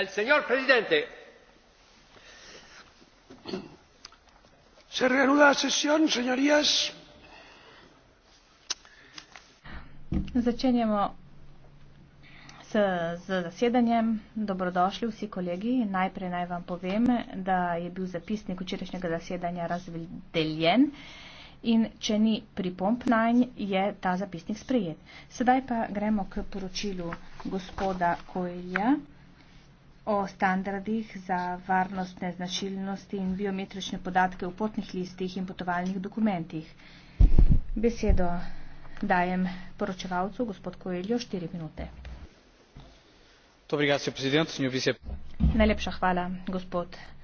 El señor presidente. Se reanuda la sesión, señorías. Začenjamo s, s zasedanjem. Dobrodošli vsi kolegi. Najprej naj vam povem, da je bil zapisnik včerajšnjega zasedanja razdeljen in če ni pripomp najnj, je ta zapisnik sprejet. Sedaj pa gremo k poročilu gospoda Kojlja o standardih za varnostne značilnosti in biometrične podatke v potnih listih in potovalnih dokumentih. Besedo dajem poročevalcu, gospod Koeljo, štiri minute. Dobrigacijo, Najlepša hvala, gospod